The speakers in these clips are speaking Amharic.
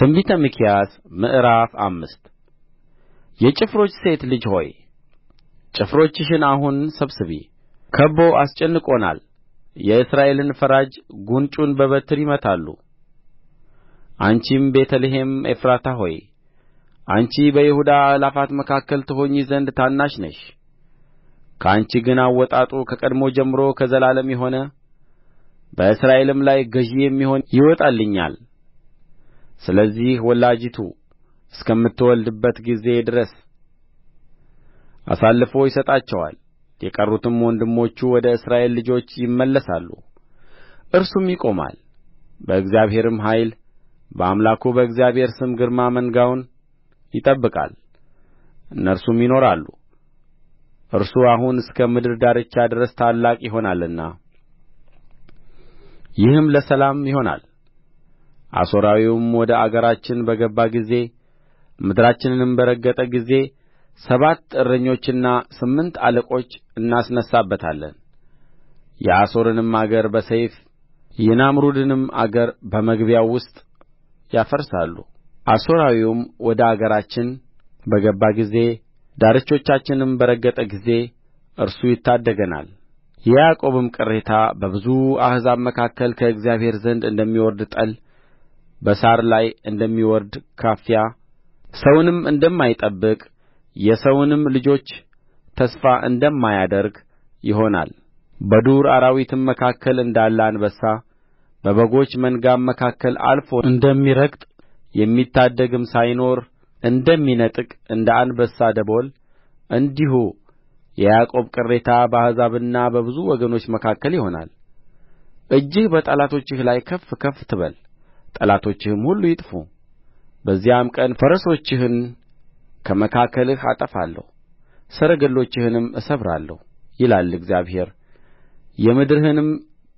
ትንቢተ ሚክያስ ምዕራፍ አምስት የጭፍሮች ሴት ልጅ ሆይ ጭፍሮችሽን አሁን ሰብስቢ ከብቦ አስጨንቆናል የእስራኤልን ፈራጅ ጕንጩን በበትር ይመታሉ አንቺም ቤተ ልሔም ኤፍራታ ሆይ አንቺ በይሁዳ አእላፋት መካከል ትሆኚ ዘንድ ታናሽ ነሽ ከአንቺ ግን አወጣጡ ከቀድሞ ጀምሮ ከዘላለም የሆነ በእስራኤልም ላይ ገዥ የሚሆን ይወጣልኛል ስለዚህ ወላጂቱ እስከምትወልድበት ጊዜ ድረስ አሳልፎ ይሰጣቸዋል የቀሩትም ወንድሞቹ ወደ እስራኤል ልጆች ይመለሳሉ እርሱም ይቆማል በእግዚአብሔርም ኃይል በአምላኩ በእግዚአብሔር ስም ግርማ መንጋውን ይጠብቃል እነርሱም ይኖራሉ እርሱ አሁን እስከ ምድር ዳርቻ ድረስ ታላቅ ይሆናልና ይህም ለሰላም ይሆናል አሦራዊውም ወደ አገራችን በገባ ጊዜ ምድራችንንም በረገጠ ጊዜ ሰባት እረኞችና ስምንት አለቆች እናስነሣበታለን የአሦርንም አገር በሰይፍ የናምሩድንም አገር በመግቢያው ውስጥ ያፈርሳሉ አሦራዊውም ወደ አገራችን በገባ ጊዜ ዳርቾቻችንም በረገጠ ጊዜ እርሱ ይታደገናል። የያዕቆብም ቅሬታ በብዙ አሕዛብ መካከል ከእግዚአብሔር ዘንድ እንደሚወርድ ጠል በሣር ላይ እንደሚወርድ ካፊያ ሰውንም እንደማይጠብቅ የሰውንም ልጆች ተስፋ እንደማያደርግ ይሆናል በዱር አራዊትም መካከል እንዳለ አንበሳ በበጎች መንጋም መካከል አልፎ እንደሚረግጥ የሚታደግም ሳይኖር እንደሚነጥቅ እንደ አንበሳ ደቦል እንዲሁ የያዕቆብ ቅሬታ በአሕዛብና በብዙ ወገኖች መካከል ይሆናል እጅህ በጠላቶችህ ላይ ከፍ ከፍ ትበል ጠላቶችህም ሁሉ ይጥፉ በዚያም ቀን ፈረሶችህን ከመካከልህ አጠፋለሁ ሰረገሎችህንም እሰብራለሁ ይላል እግዚአብሔር የምድርህንም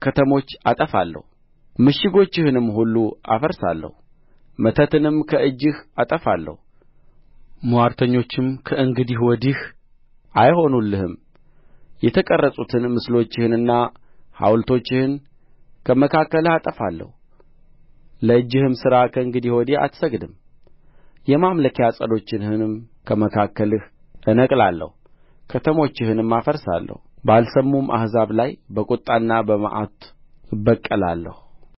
ከተሞች አጠፋለሁ ምሽጎችህንም ሁሉ አፈርሳለሁ መተትንም ከእጅህ አጠፋለሁ ምዋርተኞችም ከእንግዲህ ወዲህ አይሆኑልህም የተቀረጹትን ምስሎችህንና ሐውልቶችህን ከመካከልህ አጠፋለሁ ለእጅህም ሥራ ከእንግዲህ ወዲህ አትሰግድም የማምለኪያ ዐፀዶችህንም ከመካከልህ እነቅላለሁ ከተሞችህንም አፈርሳለሁ ባልሰሙም አሕዛብ ላይ በቍጣና በመዓት እበቀላለሁ